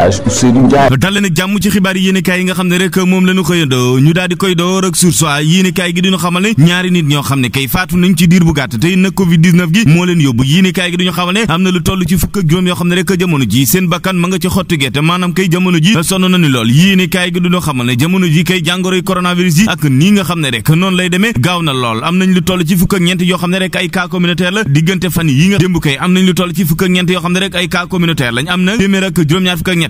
Elhadj leen jàmm ci xibaar yi yéenekaay yi nga xam ne rek moom la ñu xëyandoo ñu daal di koy door ak source yéenekaay gi duñu xamal ne ñaari nit ñoo xam ne kay faatu nañ ci diir bu gàtt tey nag covid gi moo leen yóbbu yéenekaay gi duñu xamal ne am na lu toll ci fukk ak juróom yoo xam ne rek jamono ji seen bakkan ma nga ci yi nga xam ne am nañ lu toll ci fukk ak ñeent yoo xam ne rek ay cas communautaire la diggante fan yi nga démb kay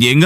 jooje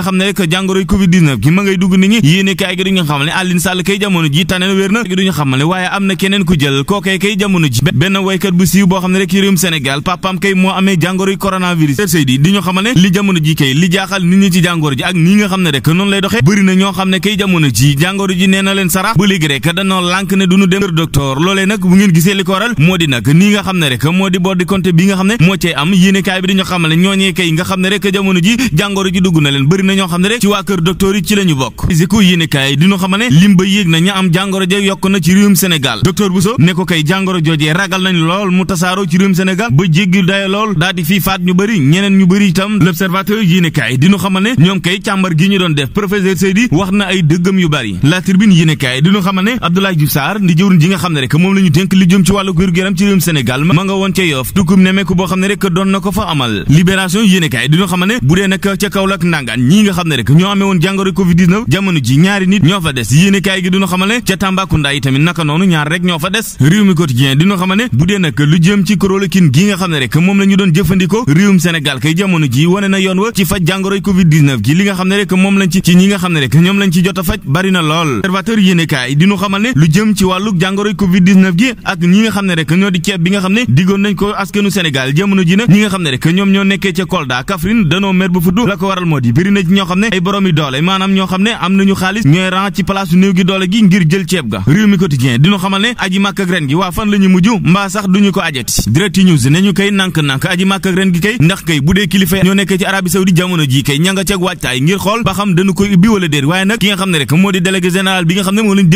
jaaxal nit ñi ci jàngoro ji ak nii nga xam ne rek noonu lay doxee bëri na ñoo xam ne kay jamono ji jàngoro ji nee na leen sarax ba léegi rek danoo lànk ne duñu dem docteur loolee nag bu ngeen gisee li moo di nag nii nga xam ne rek moo di bor di compte nga xam ne moo am yéene kaay bi dañu xamal ne ñooñee kay nga xam ne rek jamono ji jàngoro ji dugg na leen bëri na ñoo xam ne rek ci waa kër docteur yi ci la bokk siko yéene kaay diñu lim ba yéeg na ña am jàngoro ja yokk na ci réewum Sénégal docteur Bousso ne ko kay jàngoro joojee ragal nañ lool mu tasaaroo ci réewum Sénégal ba jéggi daye lool daa fii faat ñu bëri ñeneen ñu bëri itam l'observateur yéene kaay diñu ñoom kay càmbar gi ñu doon def professeur Seydi wax na ay dëggam yu bari la tribune yéene kaay diñu xam ne Abdoulaye Ndangaan ñii nga xam ne rek ñoo amee woon covid 19 jamono ji ñaari nit ñoo fa des yéene gi duñu xamal ne ca Tambacounda yi tamit naka noonu ñaar rek ñoom a faj bari na ñoo nekkee ca Kolda Kaffrine danoo mer bu fudd la ko waral moo di bëri na ci ñoo xam ne ay boroomi doole maanaam ñoo xam ne am nañu xaalis ñooy ran ci place néew gi doole gi ngir jël ceeb ga réew mi quotidien dinu xamal ne aji màkk ak ren gi waa fan la ñu mujj nekk ci arabie saoudi jamono ji kay ña nga ceeg waajtaay ne rek moo di délégué général bi nga xam ne moo lañ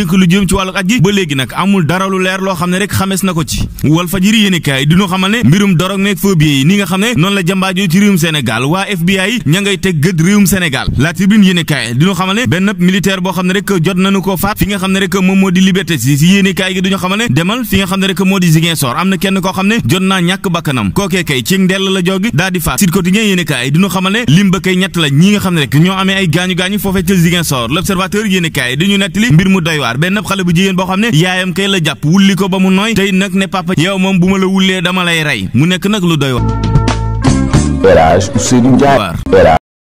loo xam ne rek xamees na ko ci wal fajiri yéene kaay dinu xamal ne mbirum dorog meeg phobie yi ni nga xam ne noonu la jàmbaajoo ci réewum sénégal waa fbi ña teg gëdd réewum Sénégal la tribune yéenekaay diñu xamal ne benn militaire boo xam ne rek jot nañu ko faat fi nga xam ne rek moom moo di liberté si si yéenekaay gi duñu xamal ne demal fi nga xam ne rek moo di Ziguinchor am na kenn koo xam ne jot naa ñàkk bakkanam kookee kay ci ndell la jogi daal di faat Sud Quotidien yéenekaay diñu xamal ne lim ba kay ñett la ñi nga xam ne rek ñoo amee ay gaañu-gaañu foofee ca Ziguinchor l'observateur yéenekaay diñu ne